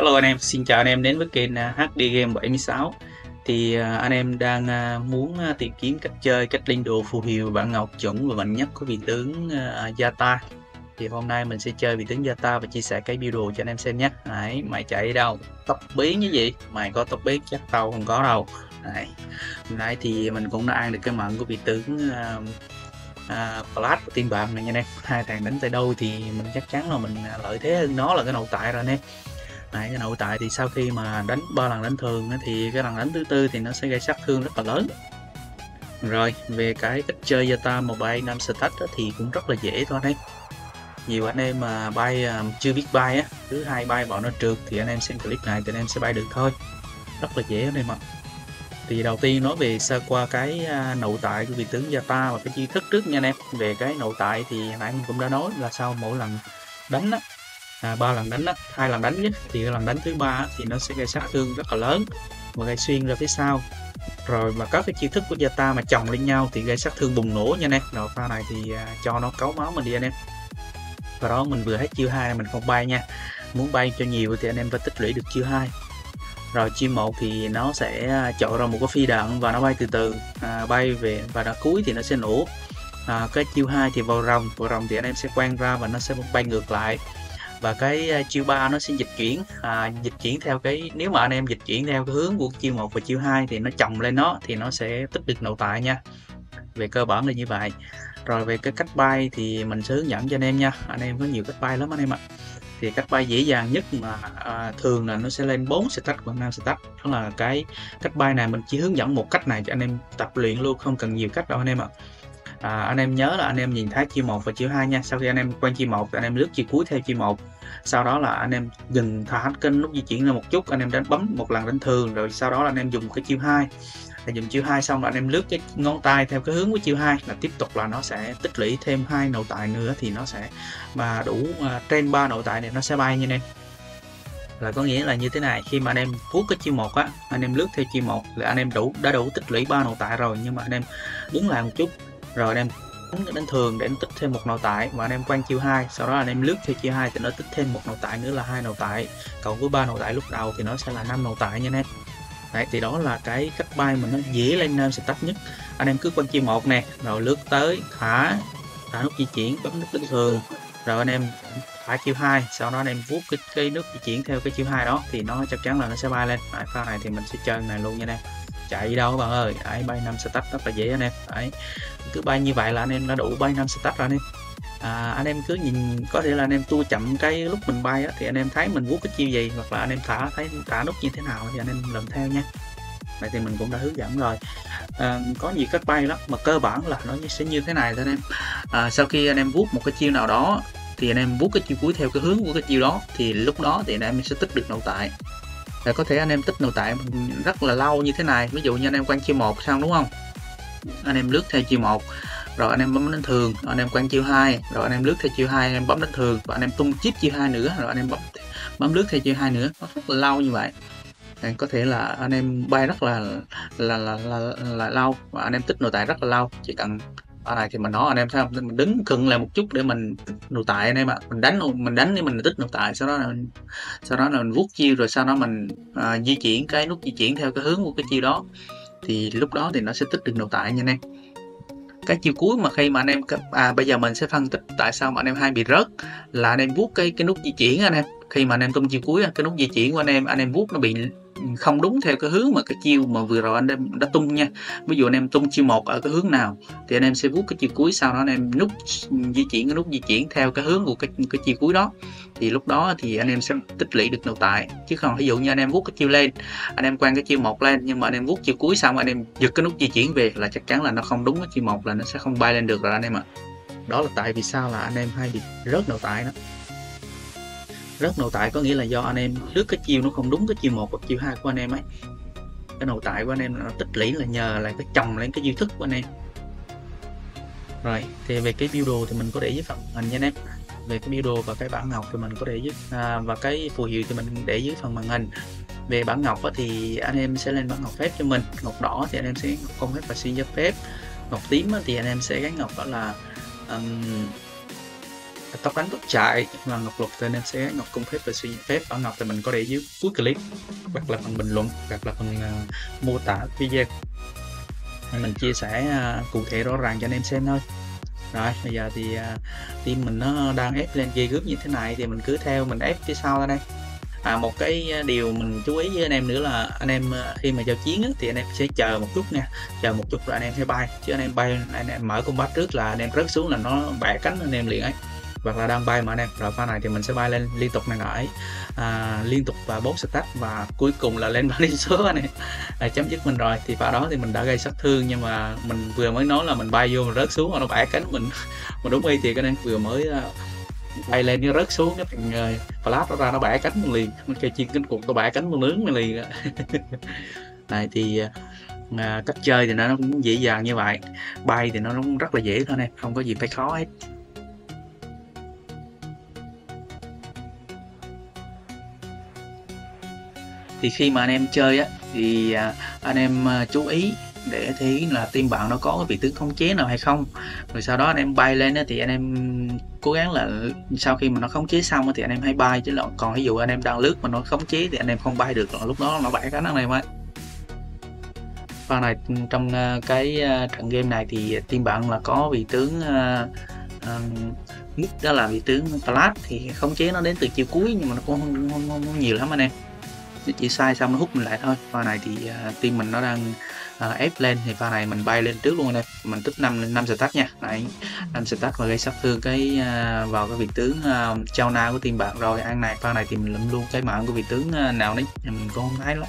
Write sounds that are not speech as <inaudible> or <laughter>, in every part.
Hello anh em, xin chào anh em đến với kênh à, HD Game 76 Thì à, anh em đang à, muốn tìm kiếm cách chơi, cách linh đồ phù hiệu bản ngọc chuẩn và mạnh nhất của vị tướng Yata Thì hôm nay mình sẽ chơi vị tướng Yata và chia sẻ cái build đồ cho anh em xem nhé Đấy, mày chạy đâu? Tóc biến như vậy? Mày có tóc biến chắc tao không có đâu Đấy. Hôm nay thì mình cũng đã ăn được cái mận của vị tướng uh, uh, tiên bạc này nha anh em Hai thằng đánh tay đâu thì mình chắc chắn là mình lợi thế hơn nó là cái nội tại rồi anh em nãy cái nội tại thì sau khi mà đánh ba lần đánh thường thì cái lần đánh thứ tư thì nó sẽ gây sát thương rất là lớn rồi về cái cách chơi Yata Mobile Nam Stat thì cũng rất là dễ thôi anh em nhiều anh em mà bay à, chưa biết bay á thứ hai bay bọn nó trượt thì anh em xem clip này thì anh em sẽ bay được thôi rất là dễ anh em ạ thì đầu tiên nói về sơ qua cái à, nội tại của vị tướng Yata và cái chi thức trước nha anh em về cái nội tại thì nãy mình cũng đã nói là sau mỗi lần đánh á, à, lần đánh đó, hai lần đánh nhất thì lần đánh thứ ba thì nó sẽ gây sát thương rất là lớn và gây xuyên ra phía sau rồi mà các cái chiêu thức của gia ta mà chồng lên nhau thì gây sát thương bùng nổ nha anh em rồi pha này thì à, cho nó cấu máu mình đi anh em và đó mình vừa hết chiêu hai mình không bay nha muốn bay cho nhiều thì anh em phải tích lũy được chiêu hai rồi chim một thì nó sẽ à, chọn ra một cái phi đạn và nó bay từ từ à, bay về và đã cuối thì nó sẽ nổ à, cái chiêu hai thì vào rồng vào rồng thì anh em sẽ quăng ra và nó sẽ bay ngược lại và cái ờ, chiêu 3 nó sẽ dịch chuyển à, dịch chuyển theo cái nếu mà anh em dịch chuyển theo cái hướng của chiêu 1 và chiêu 2 thì nó chồng lên nó thì nó sẽ tích được nội tại nha về cơ bản là như vậy rồi về cái cách bay thì mình sẽ hướng dẫn cho anh em nha anh em có nhiều cách bay lắm anh em ạ thì cách bay dễ dàng nhất mà à, thường là nó sẽ lên 4 stack và 5 stack đó là cái cách bay này mình chỉ hướng dẫn một cách này cho anh em tập luyện luôn không cần nhiều cách đâu anh em ạ à, anh em nhớ là anh em nhìn thấy chi một và chi hai nha sau khi anh em quay chi một anh em lướt chi cuối theo chi một sau đó là anh em dừng thả hết kênh nút di chuyển lên một chút anh em đánh bấm một lần đánh thường rồi sau đó là anh em dùng cái chiêu hai là dùng chiêu hai xong là anh em lướt cái ngón tay theo cái hướng của chiêu hai là tiếp tục là nó sẽ tích lũy thêm hai nội tại nữa thì nó sẽ mà đủ uh, trên ba nội tại này nó sẽ bay nha anh em là có nghĩa là như thế này khi mà anh em vuốt cái chiêu một á anh em lướt theo chiêu một là anh em đủ đã đủ tích lũy ba nội tại rồi nhưng mà anh em đứng lại một chút rồi anh em đánh, đánh thường để anh tích thêm một nội tải và anh em quăng chiêu hai sau đó anh em lướt theo chiêu hai thì nó tích thêm một nội tải nữa là hai nội tải cộng với ba nội tải lúc đầu thì nó sẽ là năm nội tải nha anh em Đấy, thì đó là cái cách bay mình nó dễ lên nam setup nhất anh em cứ quăng chiêu một nè rồi lướt tới thả thả nút di chuyển bấm nút đánh thường rồi anh em thả chiêu hai sau đó anh em vuốt cái, cái nút di chuyển theo cái chiêu hai đó thì nó chắc chắn là nó sẽ bay lên Đấy, pha này thì mình sẽ chơi này luôn nha anh em chạy đâu các bạn ơi đấy, bay 5 stack rất là dễ anh em đấy cứ bay như vậy là anh em đã đủ bay 5 stack rồi anh em à, anh em cứ nhìn có thể là anh em tua chậm cái lúc mình bay á, thì anh em thấy mình vuốt cái chiêu gì hoặc là anh em thả thấy thả nút như thế nào thì anh em làm theo nha này thì mình cũng đã hướng dẫn rồi à, có nhiều cách bay lắm mà cơ bản là nó sẽ như thế này thôi anh em à, sau khi anh em vuốt một cái chiêu nào đó thì anh em vuốt cái chiêu cuối theo cái hướng của cái chiêu đó thì lúc đó thì anh em sẽ tích được nội tại là có thể anh em tích nội tạng rất là lâu như thế này ví dụ như anh em quan chiêu một xong đúng không anh em lướt theo chiêu một rồi anh em bấm đánh thường rồi anh em quan chiêu hai rồi anh em lướt theo chiêu hai anh em bấm đánh thường và anh em tung chip chiêu hai nữa rồi anh em bấm bấm lướt theo chiêu hai nữa nó rất là lâu như vậy anh có thể là anh em bay rất là là là là, là lâu và anh em tích nội tại rất là lâu chỉ cần ở này thì mình nói anh em sao mình đứng khựng lại một chút để mình nội tại anh em ạ mình đánh mình đánh để mình tích nội tại sau đó là mình, sau đó là mình vuốt chiêu rồi sau đó mình à, di chuyển cái nút di chuyển theo cái hướng của cái chiêu đó thì lúc đó thì nó sẽ tích được nội tại nha anh em cái chiêu cuối mà khi mà anh em à bây giờ mình sẽ phân tích tại sao mà anh em hai bị rớt là anh em vuốt cái cái nút di chuyển anh em khi mà anh em tung chiêu cuối cái nút di chuyển của anh em anh em vuốt nó bị không đúng theo cái hướng mà cái chiêu mà vừa rồi anh em đã tung nha ví dụ anh em tung chiêu một ở cái hướng nào thì anh em sẽ vuốt cái chiêu cuối sau đó anh em nút di chuyển cái nút di chuyển theo cái hướng của cái, cái chiêu cuối đó thì lúc đó thì anh em sẽ tích lũy được nội tại chứ không ví dụ như anh em vuốt cái chiêu lên anh em quan cái chiêu một lên nhưng mà anh em vuốt chiêu cuối xong anh em giật cái nút di chuyển về là chắc chắn là nó không đúng cái chiêu một là nó sẽ không bay lên được rồi anh em ạ à. đó là tại vì sao là anh em hay bị rớt nội tại đó rớt nội tại có nghĩa là do anh em lướt cái chiêu nó không đúng cái chiêu một hoặc chiêu hai của anh em ấy cái nội tại của anh em nó tích lũy là nhờ là cái chồng lên cái chiêu thức của anh em rồi thì về cái biểu đồ thì mình có để dưới phần hình nha anh em về cái biểu đồ và cái bản ngọc thì mình có để dưới à, và cái phù hiệu thì mình để dưới phần màn hình về bản ngọc thì anh em sẽ lên bản ngọc phép cho mình ngọc đỏ thì anh em sẽ ngọc công phép và xuyên giáp phép ngọc tím thì anh em sẽ gắn ngọc đó là um, tóc đánh tóc chạy là ngọc lục tên nên sẽ ngọc cung phép và suy nghĩ phép ở ngọc thì mình có để dưới cuối clip hoặc là phần bình luận hoặc là phần uh, mô tả video mình chia sẻ uh, cụ thể rõ ràng cho anh em xem thôi rồi bây giờ thì uh, team mình nó đang ép lên ghê gớm như thế này thì mình cứ theo mình ép phía sau ra đây à, một cái điều mình chú ý với anh em nữa là anh em khi mà giao chiến thì anh em sẽ chờ một chút nha chờ một chút rồi anh em sẽ bay chứ anh em bay anh em mở combat trước là anh em rớt xuống là nó bẻ cánh anh em liền ấy hoặc là đang bay mà anh em rồi pha này thì mình sẽ bay lên liên tục này nãy à, liên tục và bốn stack và cuối cùng là lên <laughs> bản số anh em à, chấm dứt mình rồi thì pha đó thì mình đã gây sát thương nhưng mà mình vừa mới nói là mình bay vô mình rớt xuống mà nó bẻ cánh mình <laughs> mình đúng y thì cái nên vừa mới à, bay lên nó rớt xuống cái thằng uh, flash nó ra nó bẻ cánh mình liền mình kêu chiên cánh cụt nó bẻ cánh mình nướng mình liền <laughs> này thì à, à, cách chơi thì nó cũng dễ dàng như vậy bay thì nó cũng rất là dễ thôi nè không có gì phải khó hết thì khi mà anh em chơi á thì à, anh em à, chú ý để thấy là team bạn nó có cái vị tướng khống chế nào hay không rồi sau đó anh em bay lên thì anh em cố gắng là sau khi mà nó khống chế xong thì anh em hãy bay chứ còn ví dụ anh em đang lướt mà nó khống chế thì anh em không bay được lúc đó nó bẻ cánh anh em ấy pha này trong à, cái trận game này thì team bạn là có vị tướng nick đó là vị tướng flash thì khống chế nó đến từ chiều cuối nhưng mà nó cũng không, không, không, không nhiều lắm anh em chỉ sai xong nó hút mình lại thôi pha này thì uh, team mình nó đang uh, ép lên thì pha này mình bay lên trước luôn anh mình tích 5 năm stack nha đấy năm stack và gây sát thương cái uh, vào cái vị tướng uh, chao na của team bạn rồi ăn này pha này thì mình lụm luôn cái mạng của vị tướng uh, nào đấy mình cũng không thấy lắm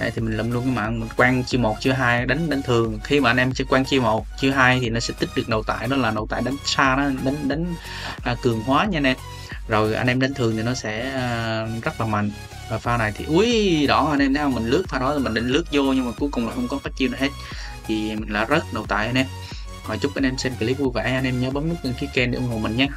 đây thì mình lụm luôn cái mạng mình quan chiêu một chiêu hai đánh đánh thường khi mà anh em chơi quan chiêu một chiêu hai thì nó sẽ tích được nội tại đó là nội tại đánh xa nó đánh đánh à, cường hóa nha anh em rồi anh em đánh thường thì nó sẽ à, rất là mạnh và pha này thì ui đỏ anh em thấy không mình lướt pha đó mình định lướt vô nhưng mà cuối cùng là không có phát chiêu nào hết thì mình là rất đầu tại anh em rồi chúc anh em xem clip vui vẻ anh em nhớ bấm nút đăng ký kênh để ủng hộ mình nhé